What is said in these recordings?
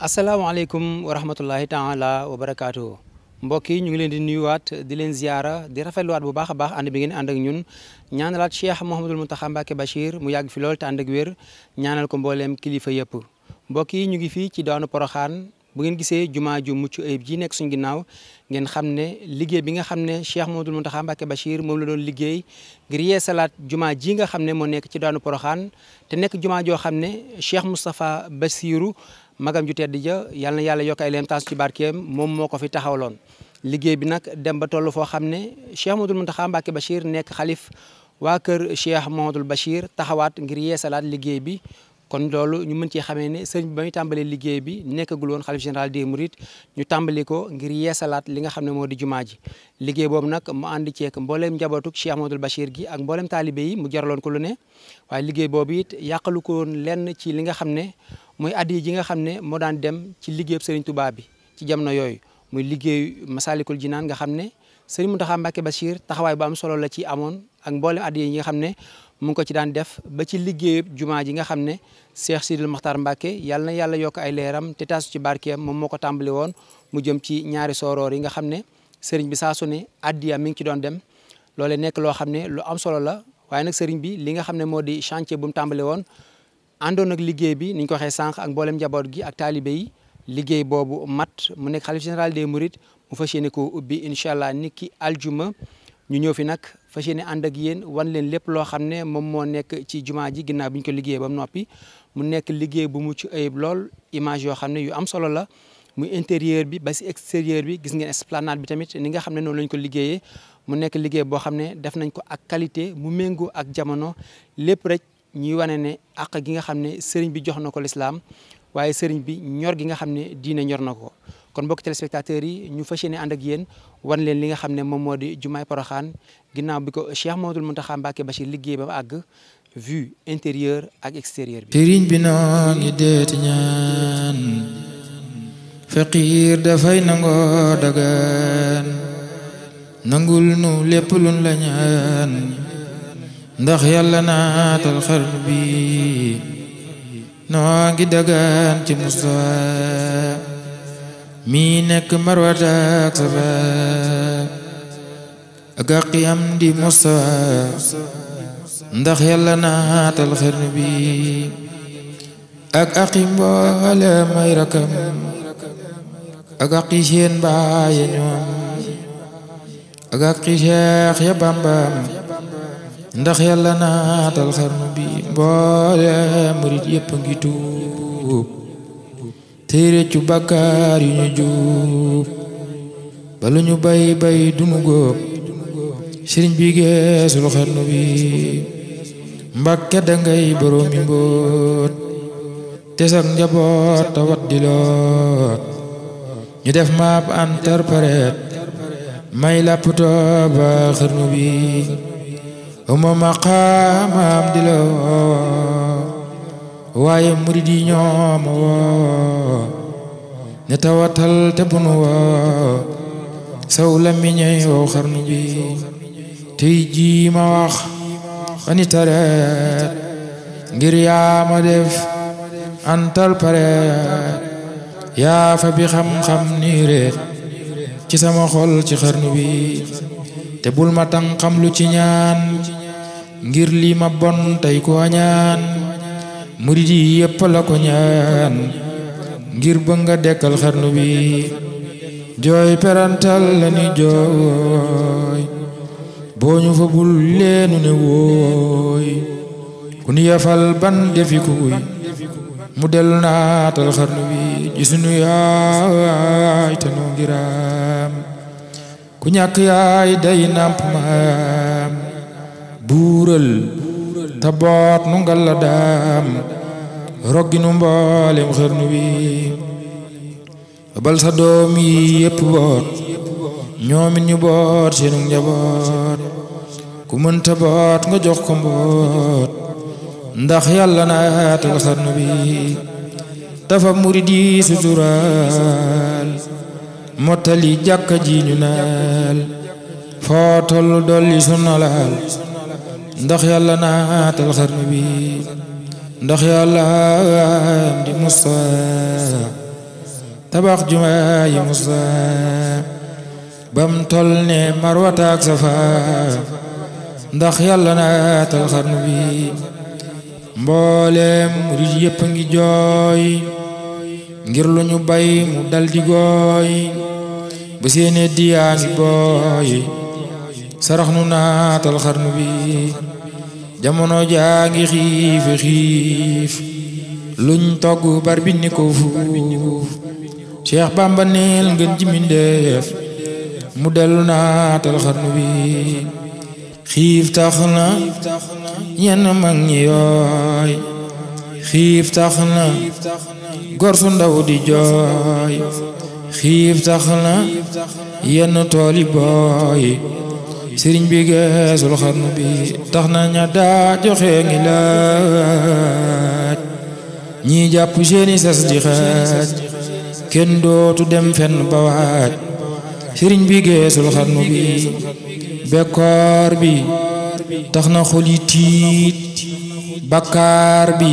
asalaamaaleykum wa rahmatullahi taala wa barakaatu mbokk yi ñu ngi leen di nuyuwaat di leen ziyaara di rafetluwaat bu baax a baax ànd bi ngeen ànd ak ñun ñaanalaat Cheikh Mouhamadul Mountakha Mbacké Bachir mu yàgg fi lool te ak wér ñaanal ko mbooleem kilifa yëpp mbokk yi ñu ngi fii ci daanu Poroxaan bu ngeen gisee jumaa ju mucc ayib ji nekk suñ ginnaaw ngeen xam ne liggéey bi nga xam ne Cheikh Mouhamadul Mountakha Mbacké Bachir moom la doon liggéey ngir yeesalaat jumaa ji nga xam ne moo nekk ci daanu Poroxaan te nekk jumaa joo xam ne Cheikh Moustapha Bassirou magam ju tedd ja yal na yàlla yokk ay leen taas ci barkeem moom moo ko fi taxawaloon liggéey bi nag dem ba toll foo xam ne Cheikh Mouhamadoul Mountakha Mbacké Bachir nekk xalif waa kër Cheikh Mouhamadoul Bachir taxawaat ngir yeesalaat liggéey bi kon loolu ñu mën ci xamee ne sëñ bi ba ñu tàmbalee liggéey bi nekkagul woon xalif général des it ñu tàmbali ko ngir yeesalaat li nga xam ne moo di jumaa ji liggéey boobu nag mu ànd ceek mbooleem njabootuk Cheikh Mouhamadoul Bachir gi ak mbooleem taalibe yi mu jaraloon ko lu ne liggéey boobu it yàqalu ko woon lenn ci li nga xam ne muy addiya ji nga xam ne moo daan dem ci liggéey Serigne Touba bi ci jamono yooyu muy liggéey Masalikul Jinaan nga xam ne Serigne Mountakha Mbacké Bachir taxawaay bu am solo la ci amoon ak mboolem addiya yi nga xam ne mu ngi ko ci daan def ba ci liggéeyub jumaa ji nga xam ne Cheikh Sidil Mokhtar Mbacké yàlla na yàlla yokk ay leeram te taasu ci barkeem moom moo ko tàmbali woon mu jëm ci ñaari sooroor yi nga xam ne sëriñ bi saa su ne addiya mi ngi ci doon dem loolee nekk loo xam ne lu am solo la waaye nag sëriñ bi li nga xam ne moo di chantier bu mu tàmbali woon àndoon ak liggéey bi ni ko waxee sànq ak mboolem njaboot gi ak taalibe yi liggéey boobu mat mu nekk xalif général des mourides mu fas yéene ubbi incha allah ni aljuma ñu ñëw fi nag fas yéene ànd ak yéen wan leen lépp loo xam ne moom moo nekk ci jumaa ji ginnaaw bi ñu ko liggéey ba mu noppi mu nekk liggéey bu mucc ayib lool image yoo xam ne yu am solo la muy intérieur bi ba si extérieur bi gis ngeen esplanade bi tamit ni nga xam ne noonu lañ ko liggéeyee mu nekk liggéey boo xam ne def nañ ko ak qualité mu méngoo ak jamono lépp rek ñuy wane ne àq gi nga xam ne sëriñ bi jox na ko lislaam waaye sëriñ bi ñor gi nga xam ne diine ñor na ko kon mbokk téléspectateurs yi ñu fas yéene ànd ak yéen wan leen li nga xam ne moom moo di jumaa jumaay Poroxaan ginnaaw bi ko Cheikh Mamadou Mountakha ba si liggéey ba mu àgg intérieur ak extérieur bi bi noo ngi deeti ñaan faqiir dafay nangoo dagaan nangul nu lépp luñ la ñaan ndax yàlla naatal xarnu bi noo ngi dagaan ci musa mi nekk marwata ak safa ak aqi am di musa ndax yàlla naatal xarnu bi ak aqi mboole may rakam ak aqi seen baaye ñoom ak aqi cheikh ya bambam ndax yàlla naatal xarnu bi mboole murit yëpp ngi tuub tey réccu bàkkaar yu ñu juub balu ñu bay bay dunu góob sëriñ bi geesul xarnu bi mbàkke dangay boroomi mbóot te sax njaboot tawat di loot ñu def maap interprète may làpp tooba xarnu bi uma maqaamaam di la woo waaye murid yi ñoom woo ne tawatal te bunu woo saw la miñey xarnu bi tey jii ma wax ani tareet ngir yaa ma def antal pareet yaa fa bi xam-xam nii ci sama xol ci xarnu bi te bul ma tan lu ci ñaan ngir lii ma bon tey ko ñaan murid yi yëpp la ko ñaan ngir bëgg nga dekkal xarnu bi jooy perantal la jooy boo fa bul leenu ne wooy ku nu yafal ban defi kuy mu dellu naatal xarnu bi ji sunu yaay te ngiram ku ñàkk yaay day nàmp ma buural te boot nu ngal daam roggi nu mboolem xërnu bi bal doom yi yépp boot ñoomit ñu boot seenu njaboot ku mënta boot nga jox ko mboot ndax yàlla naatal xarnu bi dafa murid yi suturaal mottali jàkka ji ñu naal foo dolli sunna ndax yàlla naatal xarnu bi ndax yàlla am di tabax jumaa yi bam tol ne marwata ak ndax yàlla naatal xarnu bi mbooleem murid yépp ngi jooy ngir lu ñu bay mu daldi di gooy bu seene diyaa booy sarax nu naatal xarnu bi jamono jaa ngi xiif xiif luñ togg bar bi ni ko fuuf Cheikh Bamba neel ngeen ji mu dellu naatal xarnu bi xiif tax na ñenn mag ñi yooy xiif tax na gor ndaw di jooy xiif tax na yenn tooli booy sëriñ bi geesul xarnu bi tax na ña daa joxe ngi laaj ñii jàpp seeni sas di xaaj kenn dootu dem fenn ba waaj bi geesul xarnu bi bekkoor bi tax na xol yi bakkaar bi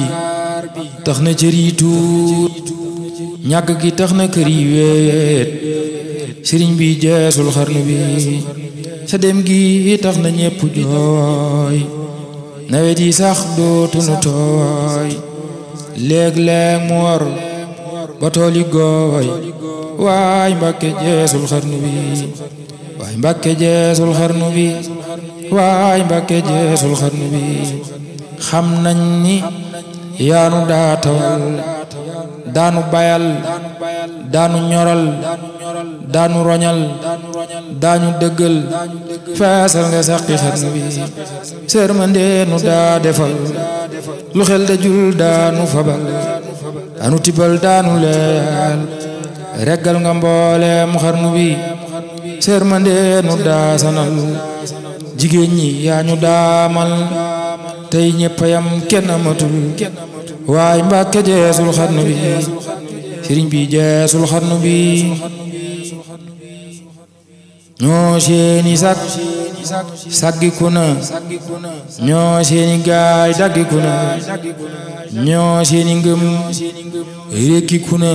tax na cër yi tuut ñàkk gi tax na kër yi weet sëriñ bi geesul xarnu bi sa dem gi tax na ñépp jooy nawet yi sax dootuñu tooy léeg-léeg mu war ba tool yi gooy waay Mbàkke jeesul bi waay Mbàkke jeesul xarnu bi bi xam nañ ni yaanu daa daanu bayal daanu ñoral daanu roñal daanu dëggal feesal nga saqi xarnu bi sërmandeenu daa defal lu xel da jul daanu fabal daanu tibal daanu leyal reggal nga mbooleem xarnu bi sërmandeenu daa sanal jigéen ñi yaa ñu daamal tey ñëppayam kenn amatul waaye mbàkke jeesul xarnu bi sëriñ bi jeesul xarnu bi ñoo seeni sag saggiku na ñoo seeni gaay daggiku na ñoo seeni ngëm rékkiku na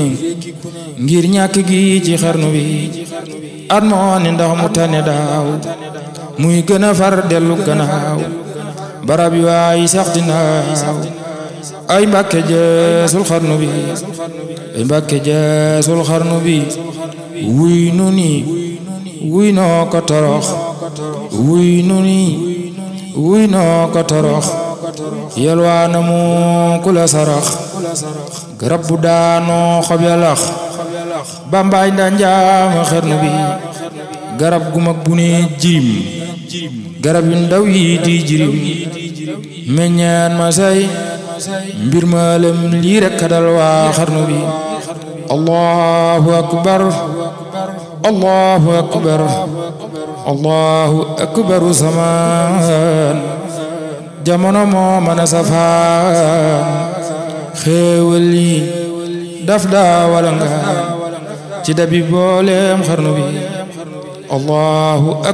ngir ñàkk gi ci xarnu bi at moo ne ndax mu tane daaw muy gën a far dellu gannaaw barab yu waay sax dinaaw ay mbàkke jeesul xarnu bi ay e mbàkke jeesul xarnu bi wuy nu ni wuy noo ko torox wuy nu ni wuy noo ko torox yelwaana mu kula sarax garab bu daanoo xob yalax bambaay ndaa njaama xarnu bi garab gu mag bu ne jirim garab yu ndaw jirim meññeen ma mbir maalem lii rek kadal waa xarnu bi allahu akbar allahu akbar allahu akbaru moo mën a safaan xéewal yi daf daa wala nga ci dabi booleem xarnu bi allahu a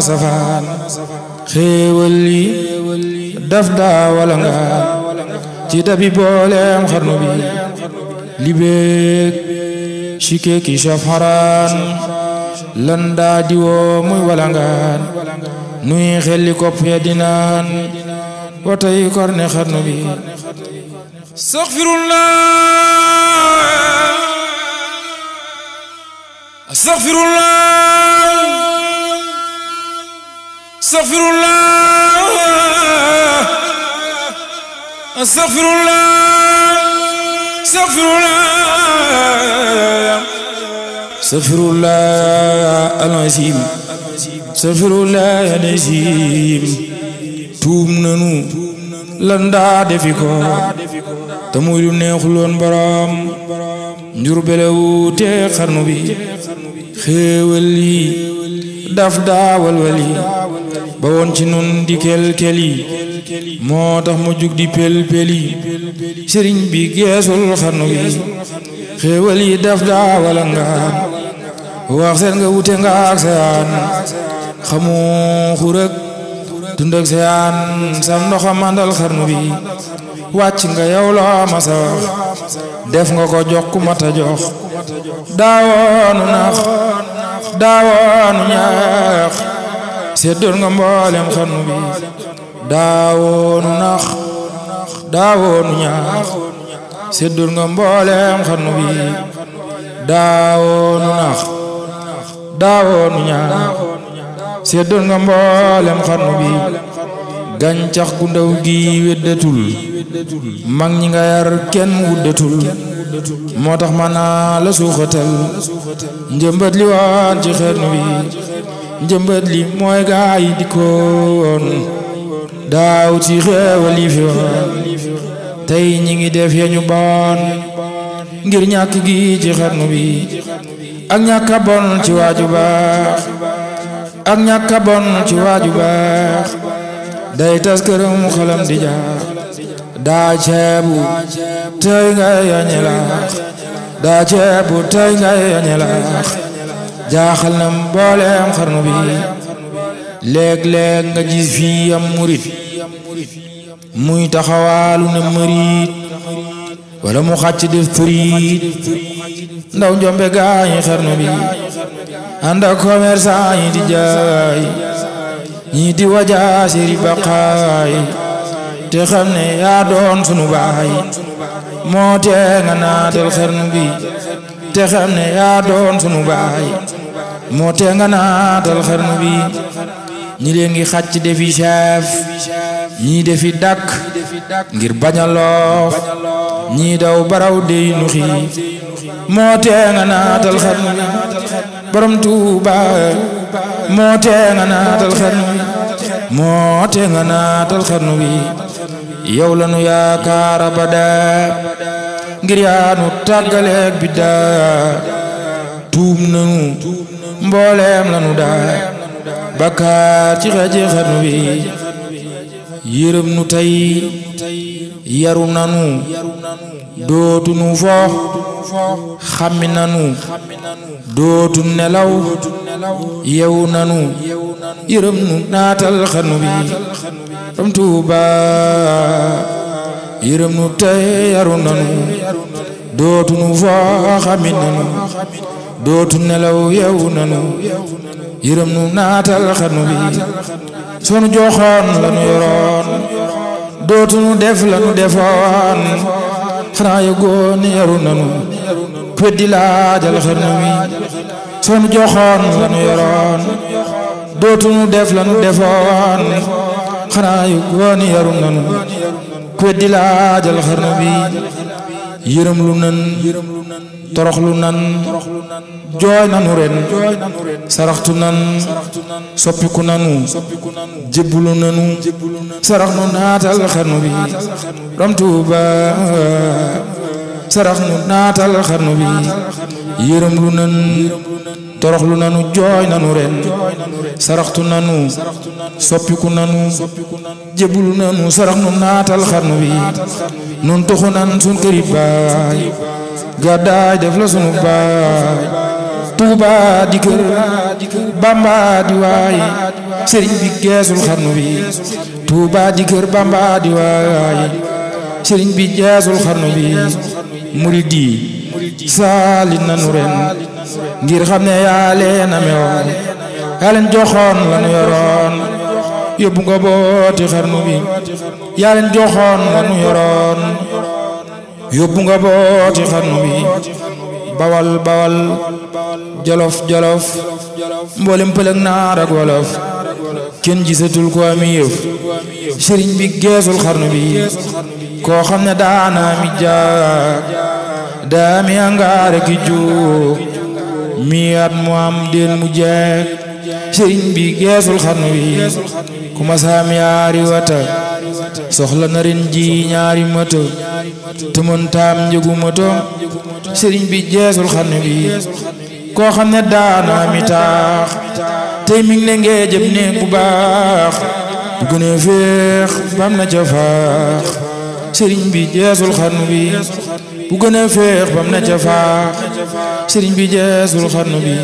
safaan xéewal yi daf daa wala nga ci bi libéeg chike ki sof xaraan lan daa diwoo muy wala xelli kopp ya watay korne xarnu bi astaghfirullah astaghfirullah astaghfirullah astaghfirullah astaghfirullah astaghfirullah al-azim astaghfirullah al-azim tuub nanu lan daa defi ko te muy lu neexuloon borom njur belewute xarnu bi xéewal yi daf daa walwal yi ba woon ci nun di kel keli moo tax mu jug di pel sëriñ bi geesul xarnu yi xéewal yi daf daa wax seen nga wute nga ak seyaan xamu xurëg dund ak seyaan sam ndoxa mandal xarnu bi wàcc nga yow la masa wax def nga ko jox ku mata jox daawoonu nax daawoonu ñaax séddoon nga mboolem xarnu bi daawoonu nax daawoonu ñaax séddoon nga mboolem xarnu bi daawoonu nax daawoonu ñaax séddoon nga mboolem xarnu bi gàncax gu ndaw gi weddatul mag ñi nga yar kenn wuddatul moo tax ma naa la suuxatal njëmbat li waan ci xarnu bi njëmbët li mooy gaa yi di ko woon daaw ci yi fi woon tey ñi ngi def yeñu bon ngir ñàkk gi ci xarnu bi ak ñàkk a bon ci waaju baax ak ñàkk a bon ci waaju baax day tas këram xalam di jaax daa ceebu tey ngay yañelaax daa ceebu tey ngay yañelaax jaaxal na mbooleem xarnu bi léeg-léeg nga gis fii am murit muy taxawaalu ne mërit wala mu xàcc def turit ndaw njombe gaañi xarnu bi ànd ak commerçant di jaay ñii di wajaa seri baqaay te ne yaa doon sunu baay moo nga naatal xarnu bi te ne yaa doon sunu moo nga naatal xarnu bi ñi leen ngi xàcc defi chef ñii defi dàkk ngir bañ a loof ñii daw baraw dey nu xiif moo tee nga naatal xarnu bi borom Tuuba moo tee nga naatal xarnu bi moo tee nga yaakaar abada ngir yaa nu tàggaleeg bi daa tuum nanu mbooleem lanu daal bakkaar ci xeji xan wi yërëm nu tey yaru nanu dootunu foox xammi nanu dootu nelaw yew nanu yërëm nu naatal xan wi ram tuuba yërëm nu tey yaru nanu dootunu foox xammi nanu dootu nelaw yeewu nanu yërëm nu naatal xanu bi joxoon lanu yoroon dootu nu def lanu defoon xanaa yëgoon ni yaru nanu weddi laajal xanu bi joxoon lanu yoroon dootu nu def lanu defoon xanaa yëgoon yaru nanu weddi laajal xanu yërëm lu nan torox lu nan jooy nanu ren saraxtu nan soppiku nanu jébbalu nanu sarax nu naatal xarnu bi ram Tuuba sarax nu naatal xarnu bi yërëm lu nan toroxlu nanu jooy nanu ren saraxtu nanu soppiku nanu jébulu nanu sarax nu naatal xarnu bi nun toxu nan sun këri baay gàddaay def la sunu baay tuuba di bamba di sëriñ bi geesul xarnu bi tuuba di bamba di sëriñ bi geesul xarnu bi murid yi saali nanu ren ngir xam ne yaa leen amewoon yaa leen joxoon lanu yoroon yóbbu nga booti xarnu bi yaa leen joxoon lanu yoroon yóbbu nga booti xarnu bi bawal bawal jolof jolof mboolem pëlëg naar ak wolof kenn gisatul ko ami yëf sëriñ bi geesul xarnu bi koo xam ne daana mi jaag daami angaare ki jóg mi at mu am déen mu jeeg sëriñ bi geesul xarnu bi ku ma yaari wata soxla na ren ji ñaari moto te mën taam njëgu moto sëriñ bi geesul xarnu koo xam ne daana mi taax tey mi ne ngee ne bu baax bu gën a bam na ca faax sëriñ bi geesul xarnu bi bu gën a féex bam na ca faax sëriñ bi jeesul xarnu bi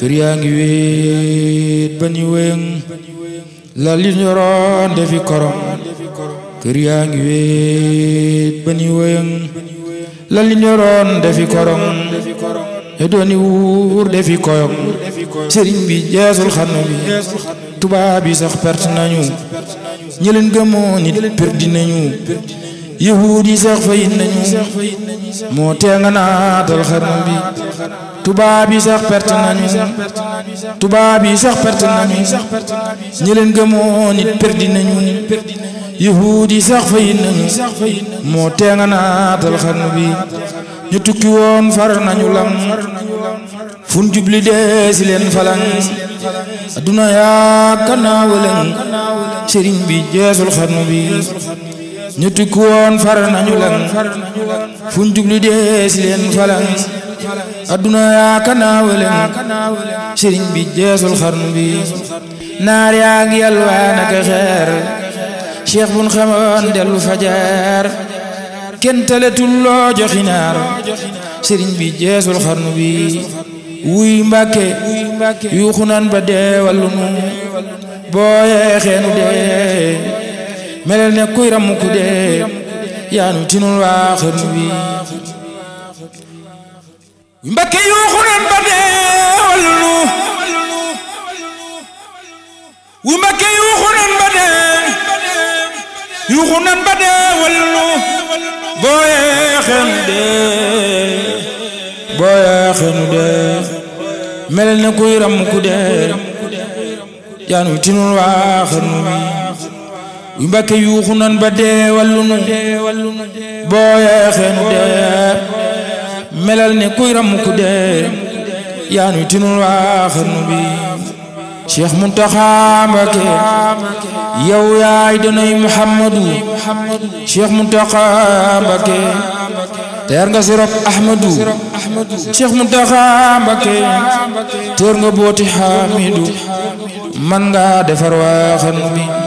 kër yaa ngi wéet ba ñu wéng lal yu ñoroon defi korom kër yaa ngi wéet ba ñu wéng lal yu ñoroon defi korom ñoo e dooni wuur defi koyom sëriñ bi jeesul xarnu bi tubaab bi sax perte nañu ñi leen nit perdi nañu yahuud yi sax fayit nañu moo tee nga naatal xarnu bi tubaab yi sax perte nañu tubaab yi sax perte nañu ñi leen gëmoo nit perdi nañu yahuud sax fayit nañu moo tee nga naatal xarnu bi ñu tukki woon far nañu lam fun jubli dee si leen falan adduna yaa kanaawalan sëriñ bi jeesul xarnu bi ñu tukku woon lan fuñ jublu dees leen falan adduna yaa kanaawe leen sëriñ bi jeesul xarnu bi naar yaa ngi yalwaa naka xeer cheikh bun xamoon dellu fajar kenn taletul loo joxi naar sëriñ bi jeesul xarnu bi wuy mbàkke yuuxu ba deewallu nu boo yeexeenu dee melel ne kuy ramu ku dee yaanu tinul waaxin wi mbakke yuuxu nan ba deewal nu wi mbakke yuuxu nan ba dee yuuxu nu boo yeexenu kuy ramu ku dee yaanu tinul waaxin wi yu Mbàkke yuuxu ba dee wàllu nu boo yeexee nu dee melal ne kuy ramu ku dee yaa nuy tinul waaxar nu bi Cheikh Muntaxa Mbàkke yow yaay danay Muhammadu Cheikh Muntaxa Mbàkke teer nga booti Hamidu man nga defar waaxar nu bi